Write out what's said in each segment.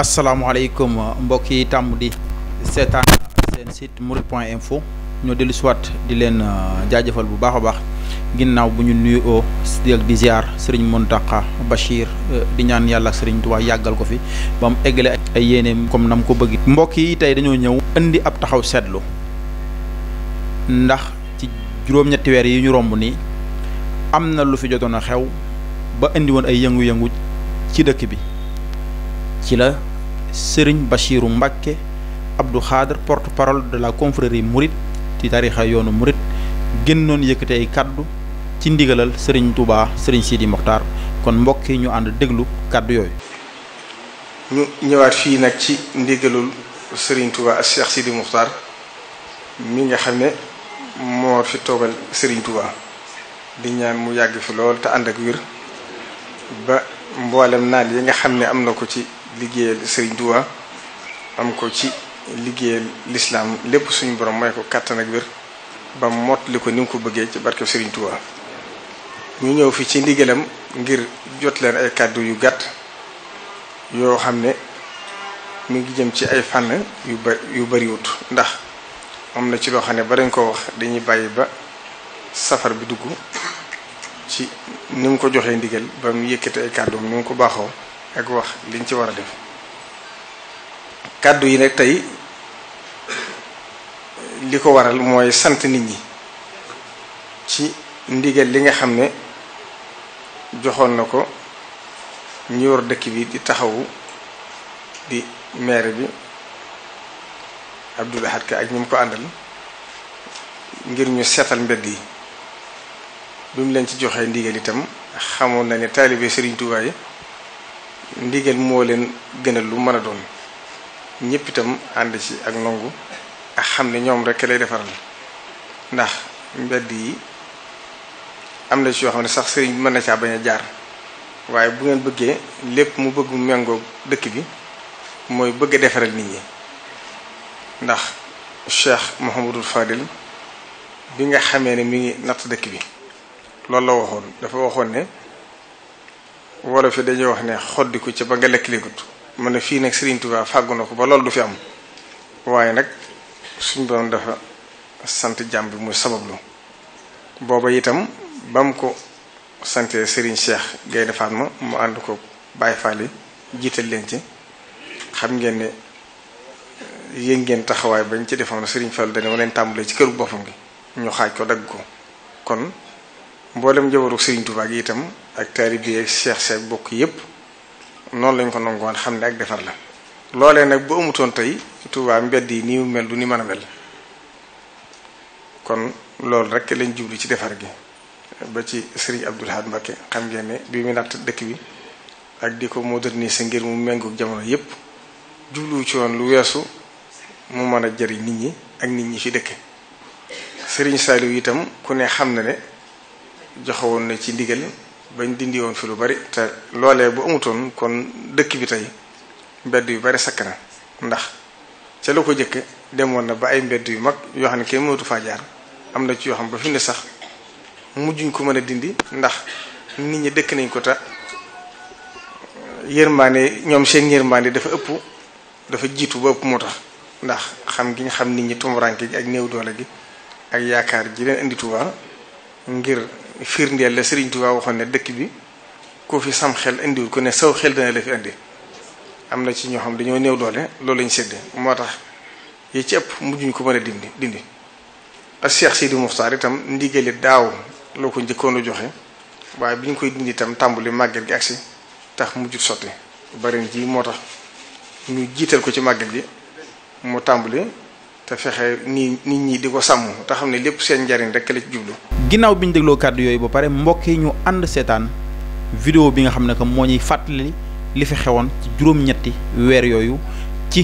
asalaamaaleykum mbokk yi tàmm di seetaan seen site mourides point info ñoo dellu si di leen euh, jaajëfal bu baax a baax ginnaaw bu ñu nuyoo di ziar sëriñ Mountakha Bachir euh, di ñaan yàlla ak sëriñ Tuubaa yàggal ko fi ba mu eggale ay yéeneem comme nam ko bëgg. mbokk yi tey dañoo ñëw indi ab taxaw seetlu ndax ci juróom-ñetti weer yi ñu romb nii am na lu fi jotoon a xew ba indi woon ay yëngu-yëngu ci dëkk bi ci la. Serigne Bachirou Mbacke Abdou Khadre porte-parole de la confrérie Mouride ci tarixa yoonu Mouride génnoon yëkkate ay kaddu ci ndigalal sëriñ Touba Serigne Sidi Mokhtar kon mbokk yi ñu ànd déglu kàddu yooyu. ñu ñëwaat fii nag ci ndigalul Serigne Touba ak Cheikh Sidi Mokhtar mi nga xam ne moo fi toogal Serigne Touba di ñaan mu yàgg fi lool te ànd ak wér ba mboolem naal yi nga xam ne am na ko ci. liggéeyal Sëriñ Tuubaa am ko ci liggéeyal lislaam lépp suñu borom may ko kàttan ak wér ba mottali ko ni mu ko bëggee ci barkeb Sëriñ Tuubaa ñu ñëw fi ci ndigalam ngir jot leen ay kàddu yu gàtt yoo xam ne mu ngi jëm ci ay fànn yu ba bariwut ndax am na ci loo xam ne ba dañ ko wax dañuy bàyyi ba safar bi dugg ci ni mu ko joxee ndigal ba mu yëkkati ay kàddu ni mu ko baaxoo ak wax liñ ci war a def kàddu yi nag tey li ko waral mooy sant nit ñi ci ndigal li nga xam ne joxoon na ko ñu war dëkk bi di taxawu di maire bi Abdoul Ahad ak ñu mu ko àndal ngir ñu seetal mbedd yi bi mu leen ci joxee ndigal itam xamoon na ne taalibe Serigne Touba ndigal moo leen gënal lu mën a doon ñëpp itam ànd ci ak nongu ak xam ne ñoom rek lay defaral ndax mbedd yi am na ci yoo xam ne sax sëriñ mën na caa bañ a jaar waaye bu ngeen bëggee lépp mu bëgg mu dëkk bi mooy bëgg a defaral nit ñi ndax Cheikh Mouhamadul Fadil bi nga xamee ne mi ngi natt dëkk bi loolu la waxoon dafa waxoon ne. wala yi dañuy wax ne xoddiku ci ba nga lekk léegut mu ne fii nag Serigne Touba fàggu ko ba loolu du fi am waaye nag suñ doon dafa sant jàmm bi muy sabablu booba itam ba mu ko santee sëriñ Cheikh Gaynde ma mu ànd ko Baye Fall yi jiital leen ci xam ngeen ni eh, yéen ngeen taxawaay bañ ci defoon Serigne Fall dañoo leen tàmbalee ci këru boppam bi ñu xaaj ko dagg ko kon mboolem jabaru Serigne Touba gi itam. ak taalibe ak seex seex bokk yépp noonu lañ ko nangoon xam ne ak defar la loolee nag bu amutoon tey Tuubaa mbedd yi nii mel du ni mën a mel kon loolu rek lañ jubli ci defar gi ba ci sëriñ Abdou Lahad Mbacké xam ngeen ne bi mu natt dëkk bi ak di ko moderniser ngir mu méngoog jamono yépp jubluwu ci woon lu weesu mu mën a jariñ nit ñi ak nit ñi ci dëkk sëriñ Saliou itam ku ne xam na ne joxewoon na ci ndigal bañ dindi woon fi lu bari te loolee bu amutoon kon dëkk bi tey mbedd yu bari sakk na ndax ca la ko jëkk demoon na ba ay mbedd yu mag yoo xam ne kenn mënatu faa am na ci yoo xam ba fi ne sax mujjuñ ko mën a dindi ndax nit ñi dëkk nañ ko ta yërmaande ñoom seen yërmaande dafa ëpp dafa jiitu ba ëpp moo tax ndax xam gi xam nit ñi tumuraanke gi ak néew doole gi ak yaakaar ji leen indi Tuubaa ngir fiir firndeel la Serigne Touba waxoon ne dëkk bi koo fi sam xel indiwul ko ne saw xel dana la fi indi am na ci ñoo xam dañoo néew doole loolu lañu sédd moo tax yi ci ëpp mujjuñ ko mën a dindi dindi ak Cheikh Sidi daaw loo ko njëkkoon joxe waaye bi koy dindi itam tàmbali màggal gi agsi tax mujjul sotti bari ji moo tax ñu jiital ko ci màgget gi mu tàmbali te fexe nii nit ñi di ko sàmm te xam ne lépp seen njariñ rekk la ci jublu ginnaaw bi ñu dégloo kàddu yooyu ba pare mbokk yi ñu ànd seetaan vidéo bi nga xam ne que moo ñuy fàttali li fi xewoon ci juróom-ñetti weer yooyu ci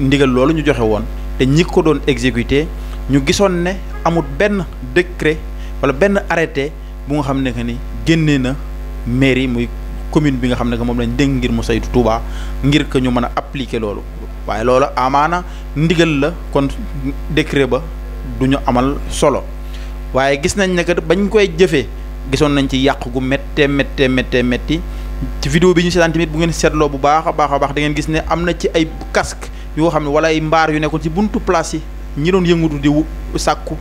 ndigal loolu ñu joxe woon te ñi ko doon exécuté ñu gisoon ne amut benn décret wala benn arrêté bu nga xam ne que ni génnee na mairie muy commune bi nga xam ne que moom lañ dénk ngir mu saytu Touba ngir que ñu mën a appliquer loolu waaye loolu amaana ndigal la kon décret ba du ñu amal solo. waye gis nañ ne bañ koy jëfé gisoon nañ ci yaq gu metté metté metté metti ci vidéo bi ñu sétan tamit bu ngeen sétlo bu baaxa baaxa baax da ngeen gis ne amna ci ay casque yoo xam ne wala ay mbar yu ci buntu place yi ñi doon yëngutu di sàkku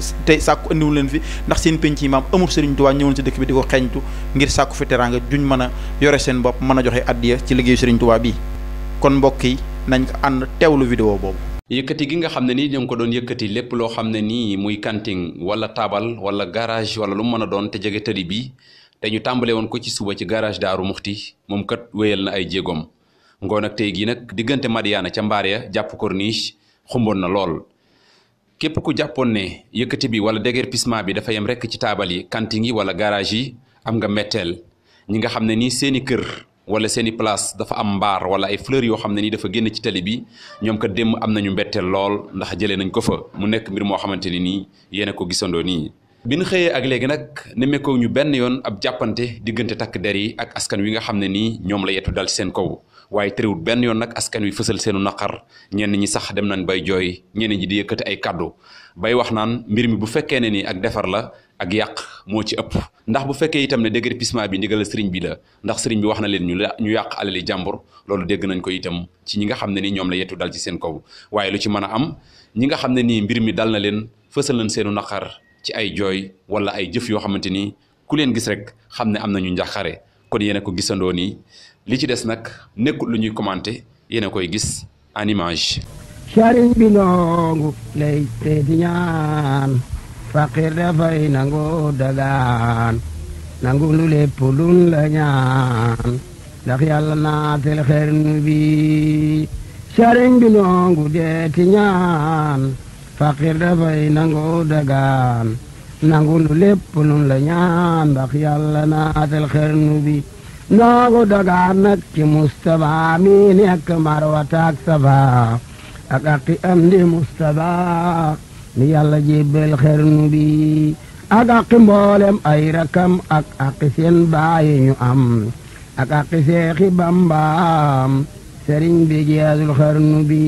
sakku andi andiwul leen fi ndax seen penc yi maam amul Serigne Touba ci dëkk bi diko xéñtu ngir sakku fi teranga juñ mëna yoré yore seen bop mëna a joxe addiya ci liggéeyu Serigne Touba bi kon mbokk yi nañ ko and tewlu vidéo bobu yëkkati gi nga xam ne nii ñoo ngi ko doon yëkkati lépp loo xam ne nii muy kanting wala taabal wala garage wala lu mu mën a doon te jege tëli bi te ñu tàmbale woon ko ci suba ci garage daaru muxti moom kat wéyal na ay jéegoom ngoon ak tey gii nag diggante Madiana ca mbaar ya jàpp corniche xumboon na lool képp ku jàppoon ne yëkkati bi wala déguerpissement bi dafa yem rekk ci taabal yi kanting yi wala garage yi am nga metteel ñi nga xam ne nii seeni kër wala seeni i place dafa am mbaar wala ay fleurs yoo xam ne nii dafa génn ci tali bi ñoom kat démb am nañu mbetteel lool ndax jëlee nañ ko fa mu nekk mbir moo xamante ne nii yéen a ko gisandoo nii. bi ñu xëyee ak léegi nag nemmeekoo ñu benn yoon ab jàppante diggante takk der yi ak askan wi nga xam ne nii ñoom la yetu dal ci seen kaw waaye tëriwut benn yoon nag askan wi fësal seenu naqar ñenn ñi sax dem nañu bay jooy ñenn ñi di yëkkati ay kàddu bay wax naan mbir mi bu fekkee ne nii ak defar la. ak yàq moo ci ëpp ndax bu fekkee itam ne déguerpissement bi ndigal sëriñ bi la ndax sëriñ bi wax na leen ñu ñu yàq alali jàmbur loolu dégg nañ ko itam ci ñi nga xam ne nii ñoom la yettu dal ci seen kaw waaye lu ci mën a am ñi nga xam ne nii mbir mi dal na leen fësal nañ seenu naqar ci ay jooy wala ay jëf yoo xamante ni ku leen gis rek xam ne am nañu njàqare kon yéen a ko gisandoo nii li ci des nag nekkul lu ñuy commenté yéen a koy gis en sëriñ faqir dafay nangu dagaan nangu lépp luñ la ñaan ndax yàlla naatel xernu bi sariñ bi nongu deeti ñaan faqir dafay nangu dagaan nangu lépp luñ la ñaan ndax yàlla naatel xernu bi nongu dagaan nag ci Mustapha mi nekk Marwata ak Safa ak aqi am di Mustapha ni yàlla jébbal xernu bi ak àqi mboolem ay rakam ak àqi seen baayi ñu am ak àqi seexi bambaam sëriñ bi jeexul xernu bi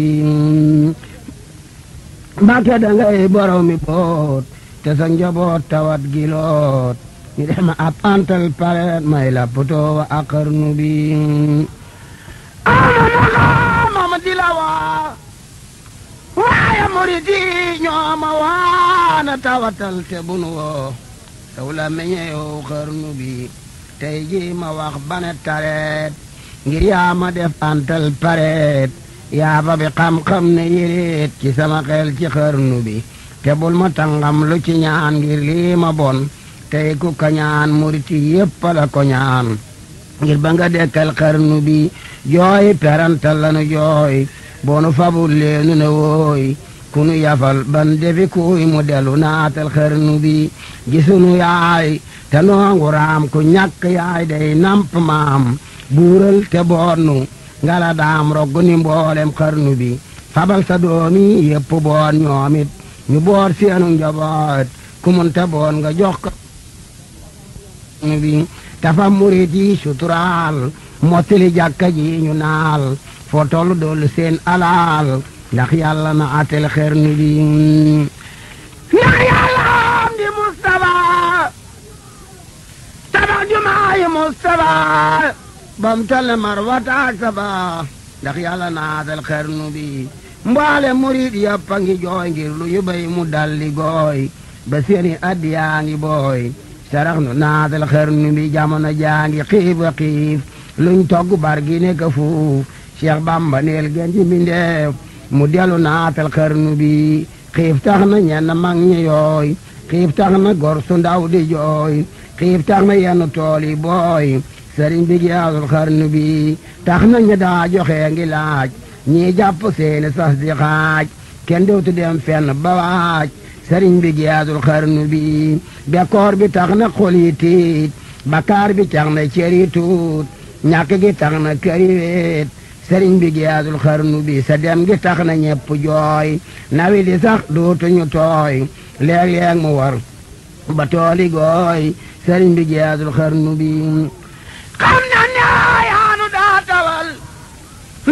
mbàkke da ngay borom mi boot te sa njaboot tawat giloot ñu dem ab antal palet may la wa ak xernu bi. ah mama, mama dilawa. murit yi ñoo ma waana tawatal te bunu woo yow la meñe yow xarnu bi tey ji ma wax bane tareet ngir yaa ma def antal pareet yaa ba bi xam-xam ne yëreet ci sama xel ci xarnu bi te bul ma tangam ci ñaan ngir lii ma bon tey ku ñaan murit yi ko ñaan ngir ba dekkal xarnu bi jooy perantal lanu jooy boonu fabul leenu ne wooy kunu yafal ban defi kuuy mu delu naatal xarnu bi gisunu yaay te noongu raam ku ñàkk yaay day namp maam buural te boonnu ngala daam roggu ni mboolem xarnu bi fabal sa doomi yépp boon ñoomit ñu boor seenu njaboot ku mun te boon nga jox ko xarnu bi ji ñu naal foo tollu dollu seen alaal dax yàlla na atel xer bi ndax yàlla am di Mustafa tabax jumaa yi Mustafa bam tale saba ndax yàlla na atel xer bi mbaale murid yëpp ngi jooy ngir lu yu bay mu dalli gooy ba seeni addiyaa ngi booy sarax nu naatal xer bi jamono jaa ngi xiif a xiif luñ togg bar gi nekk fuuf Cheikh Bamba neel gën ci mbindeef mu dellu naatal xarnu bi xiif tax na ñenn mag ñi yooy xiif tax na gor su ndaw di jooy xiif tax na yenn tool yi booy sëriñ bi giyaasul xarnu bi tax na ñi daa joxe ngi laaj ñii jàpp seeni sas di xaaj kenn dootu dem fenn ba waaj sëriñ bi giyaasul xarnu bi bekkoor bi tax na xol yi tiit bakaar bi tax na cër yi gi tax na kër sëriñ bi giyaasul xarnu bi sa dem gi tax na ñepp jooy nawi di sax dootuñu tooy léeg-léeg mu war ba tooli gooy sëriñ bi giyaasul xarnu bi xam na ne yaanu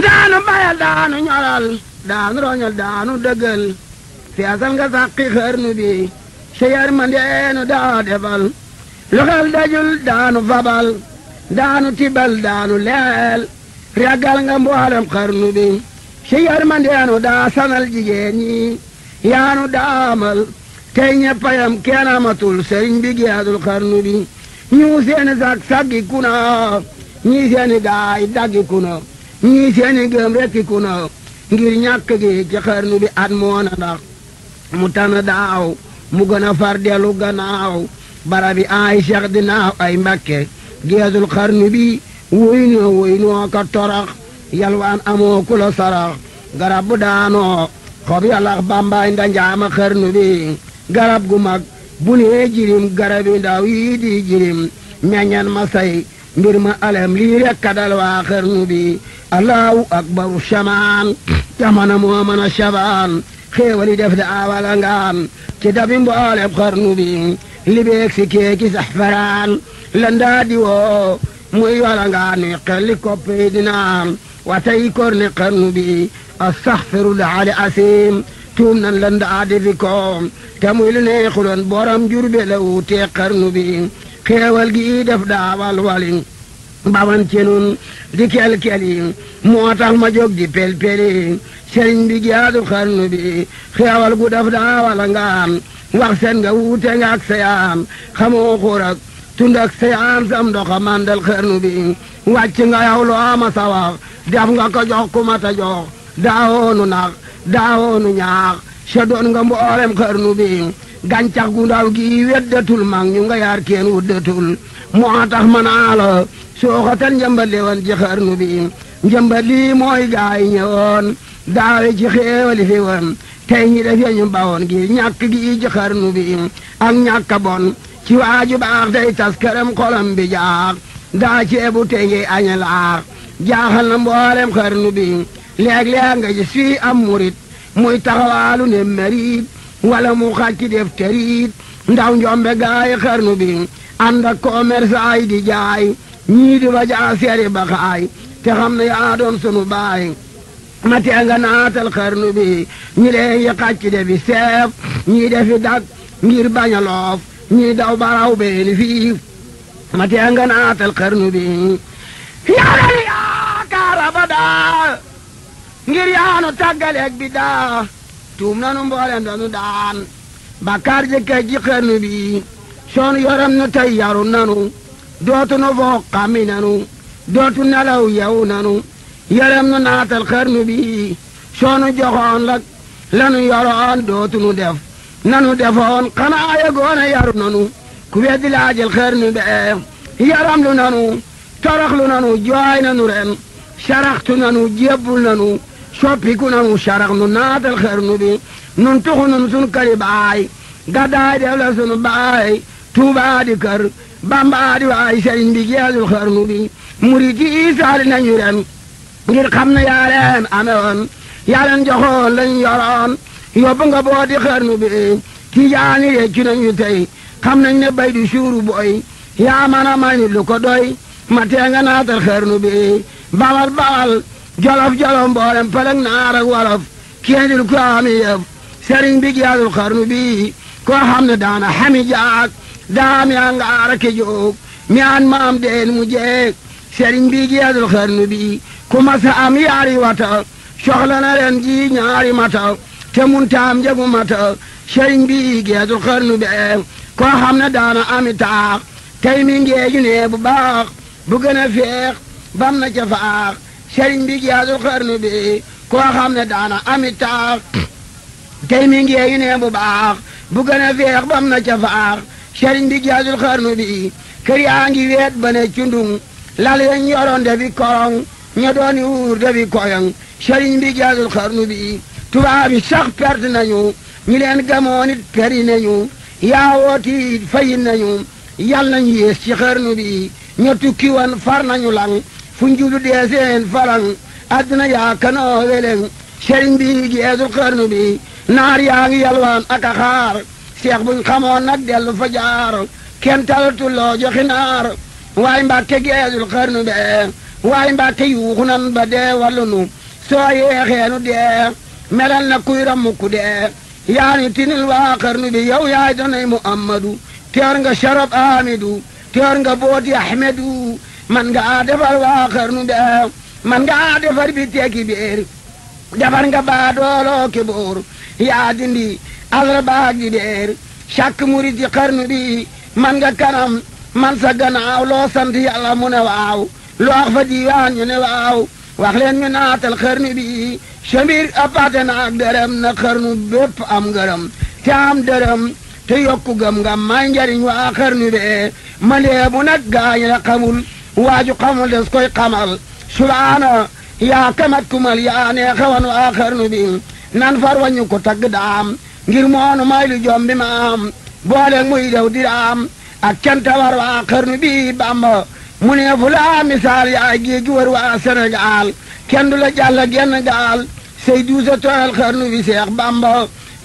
daanu bayal daanu ñolal daanu roñal daanu dëggal feesal nga sàqi xarnu bi sa yërmandeenu daa defal lu xel daanu fabal daanu tibal daanu leel ragal nga mboolem xarnu bi si yërmande yaanu daa sanal jigéen yaanu daa amal tey ñeppayam kenn amatul sëriñ bi giyaadul xarnu bi ñu seeni kuna ñii seeni daay kuna ñii seeni kuna ngir ñàkk gi ci xarnu bi at moona ndax mu tana daaw mu gën a far dellu gannaaw bara bi ay cheikh dinaaw ay mbakke giyaadul xarnu bi wóyno wóynoo ka torax yalwaan amoo ku garab bu xob yalax bambaay ndanjaama xarnu bi garab gu mag bu jirim garabi ndaw jirim meññan ma say mbir ma alem lii rekk waa xarnu bi allahu akbaru shamaan jamana moo mën a def da awala ngaan ci dabi mbooleb xarnu bi libeeg si keeki sax faraan landaa di woo muy yorangaani xelli koppi dinaam wa tey kor ni xarnu bi astaxfirullah al asim tuum nan lan daa defi ko te muy lu neexuloon borom jur be la wuutee bi xeewal gi def daa walwali baban ci di kel-keli tax ma jóg di pel-peli bi jaadu xarnu bi xeewal gu def daa wala ngaam wax nga wuute nga ak sa yaam xamoo xurak tund ak say am sam doxa mandal xernu bi wàcc nga yow lu ama sawax def nga ko jox ku mata jox daawoonu nax daawoonu ñaax se doon nga mboolem xernu bi gàncax gu ndaw gi weddatul mag ñu nga yaar kenn moo tax manaa la sooxatal njëmbat li woon ci xernu bi njëmbat lii mooy gaay ñëwoon daawe ci xéewali fi woon tey ñi def ya ñu bawoon gi ñàkk gi ci xernu bi ak ñàkka bon ci waaju baax day tas këram xolam bi jaax daa ceebu te ngi añe laax jaaxal na mboolem xarnu bi léeg-léeg nga gis fii am murit muy taxawaalu ne meriit wala mu xaj ci def teriit ndaw njombe gaayi xarnu bi ànd ak commerçant di jaay ñii ba jaa seeri ba xaay te xam ne yaa doon sunu baay ma tee naatal xarnu bi ñi leen defi seef ñii defi dag ngir bañ loof ñii daw baraw beeli fii ma tee nga naatal xarnu bi yàlla yaakaar abada ngir yaanu tàggaleeg bi daa tuum nanu mboole ndanu daan bakkaar jëkkee ji xarnu bi soon yoram nu tey yaru nanu dootu nu foog xammi nanu dootu nelaw yew nanu yaram nu naatal xarnu bi soonu joxoon la lanu yoroon dootu nu def nanu defoon xanaa yëgoon yaru nanu ku weddi xër nu bee yaram lu nanu toroxlu nanu jooy nanu ren saraxtu nanu jébbul nanu soppiku nanu sarax nu naatal xër nu bi nun tuxu nun sun këri baay gaddaay def sunu baay tuubaa kër bambaa waay sëriñ bi jeesul xër nu bi murit yi nañu ren ngir xam na yaa leen amewoon joxoon lañ yoroon yóbb nga booti xarnu bi tijaani eh, yecci nañu tey xam nañ ne bay du suuru boy yaa man a may lu ko doy ma tee nga naatal xarnu bi eh. bawal bawal jolof jolof mboolem pëlëg naar ak wolof kéendil ku am yëf sëriñ bi jaalul xarnu bi koo xam ne daana xami jaak daa mi nga joog mi aan maam deen mu jeeg sëriñ bi jaalul xarnu bi ku masa am yaari wata soxla na ren ñaari mata te muntaam njëgu mata sëriñ bi geesul xarnu be koo xam ne daana ami taax tey mi ngeeju ne baax bu gën feex bam na ca faax sëriñ bi geesul xarnu bi koo xam ne daana ami taax tey mi ngeeju ne baax bu gën a feex bam na ca faax sëriñ bi geesul xarnu bi kër weet ba ne cundung lal yañ yoroon de bi korong ña dooni wuur de bi koyong sëriñ bi geesul xarnu bi tubaab yi sax perte nañu ñi leen gamoon it peri nañu yaawooti it fayi nañu yàlla nañu yées ci xarnu bi ña tukki far nañu lang fu njublu dee seen falang àdduna yaa kanoo weleng sëriñ bi geesul xarnu bi naar yaa ngi yalwaan ak a xaar seex buñ xamoon nag dellu fa jaar kenn talatu loo joxi naar waaye mbàkke geesul xarnu bee waaye mbàkke yuuxu ba dee wallunu soo yeexeenu dee melal na kuy ramu ku dee yaa ni tinil waa xarnu bi yow yaay danay muhammadu teer nga sharab amidu teer nga booti ahmedu man nga defar waa xarnu dee man nga defar bi teeki biir defar nga baadooloo ke boor yaa dindi asra baag di deer càkk murit yi xarnu bi man nga kanam man sa ganaaw loo sant yàlla mu ne waaw loo ax fa diiwaan ñu ne waaw wax leen ñu naatal xarnu bi Chambir appaate na ak dërëm na xarnu bépp am ngërëm te am dërëm te yokku gëm nga may njariñ waa xarnu bee ma leebu gaañ la xamul waaju xamul des koy xamal subaana yaa kamat kumal yaa neexawan waa xarnu bi nan far wañu ko tagg daam ngir moonu may lu ma am boole muy dew di daam ak canta war waa xarnu bi Bamba mu ne misaal yaay géej gi wër waa Sénégal kenn du la genn gaal Seydou sa xarnu bi Seex Bamba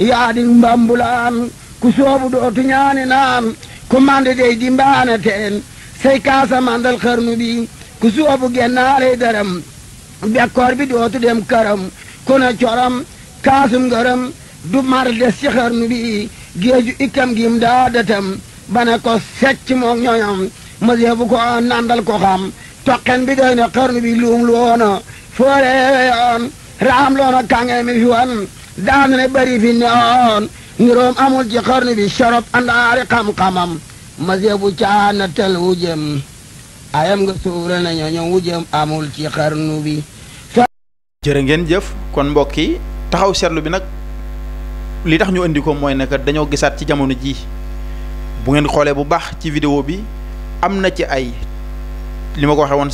yaa di mbambulaan ku soobu dootu ñaani naan ku mande dey di mbaane teen say kaasa mandal xarnu bi ku soobu gennaaley dërëm bekkoor bi dootu dem këram ku ne kaasum ngërëm du mar des ci xarnu bi géeju ikkam gim daa bana ko secc moog ñoñom masiya bu ko nandal ko xam toqen bi doy na xarnu bi luum lu woona foore raam loona kange mi fi wan daanu ne bari fi ne on niroom amul ci xarnu bi sorob andaari xam-xamam masiya bu caana tel wujëm ayam nga suura na ñooñu wujëm amul ci xarnu bi jërë ngeen jëf kon mbokk yi taxaw seetlu bi nag li tax ñu indi ko mooy ne dañoo gisaat ci jamono ji bu ngeen xoolee bu baax ci vidéo bi amna ci ay lima ko waxee woon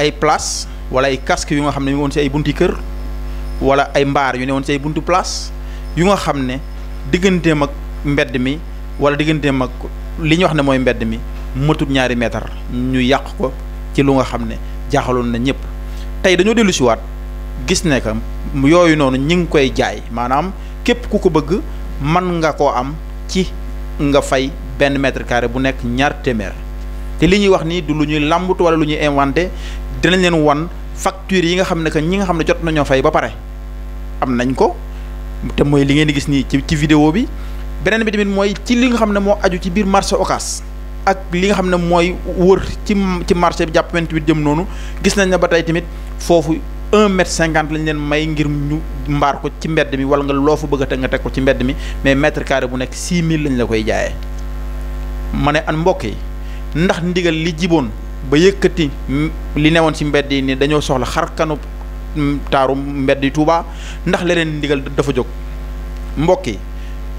ay place wala ay casque yu nga xamne ne won ci ay bunti kër wala ay mbar yu ne woon ci ay buntu place yu nga xamne ne digganteem ak mbedd mi wala digganteem ak li ñu wax ne mooy mbedd mi matut ñaari mètre ñu yaq ko ci lu nga xamne jaxalon na ñëpp tay dañu delu ci wat gis ne ka yoyu noonu ñi ngi koy jaay manam kep ku ko bëgg man nga ko am ci nga fay ben mètre carré bu nek ñaar témèr té li ñuy wax ni du lu ñuy làmbut wala lu ñuy inventé dinañ leen won facture yi nga xamné ka ñi nga xamné jot nañu fay ba paré am nañ ko té moy li ngeen di gis ni ci ci vidéo bi benen bi tamit moy ci li nga xamné mo aju ci bir marché Ocass ak li nga xamné moy wër ci ci marché bi japp 28 jëm nonu gis nañ na ba tey tamit fofu un m cinquante lañ leen may ngir ñu mbar ko ci mbedd mi wala nga loo bëgg ta nga tek ko ci mbedd mi mais mètre carré bu nek 6000 lañ la koy jaayé ma ne an mbokk yi ndax ndigal li jiboon ba yëkkati li newoon ci mbedd yi nii dañoo soxla xar kanub taaru mbedd yi Touba ndax leneen ndigal dafa jóg mbokk yi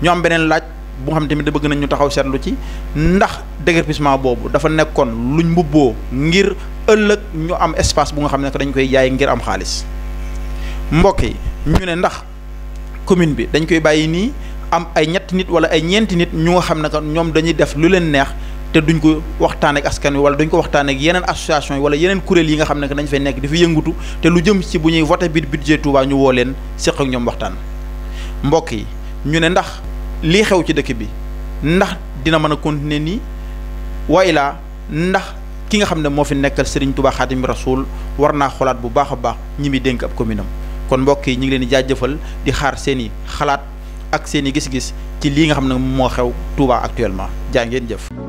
ñu am beneen laaj bu nga xam tamit da bëgg nañ ñu taxaw seetlu ci ndax déguerpissement boobu dafa nekkoon luñ mbubboo ngir ëllëg ñu am espace bu nga xam ne dañ koy jaay ngir am xaalis mbokk yi ñu ne ndax commune bi dañ koy bàyyi nii am ay ñetti nit wala ay ñeenti nit ñu nga xam ne que ñoom dañuy def lu leen neex te duñ ko waxtaan ak askan wi wala duñ ko waxtaan ak yeneen association yi wala yeneen kuréel yi nga xam ne que dañ fay nekk di fi yëngutu te lu jëm ci bu ñuy voté biir budget Touba ñu woo leen seq ak ñoom waxtaan mbokk yi ñu ne ndax lii xew ci dëkk bi ndax dina mën a continuer nii waaye laa ndax ki nga xam ne moo fi nekkal Serigne Touba Xaadim Rasoul war naa xoolaat bu baax a baax ñi muy dénk ab commune am kon mbokk yi ñu ngi leen di jaajëfal di xaar seen i xalaat ak seen i gis-gis ci lii nga xam ne moo xew Touba actuellement jaa ngeen jëf.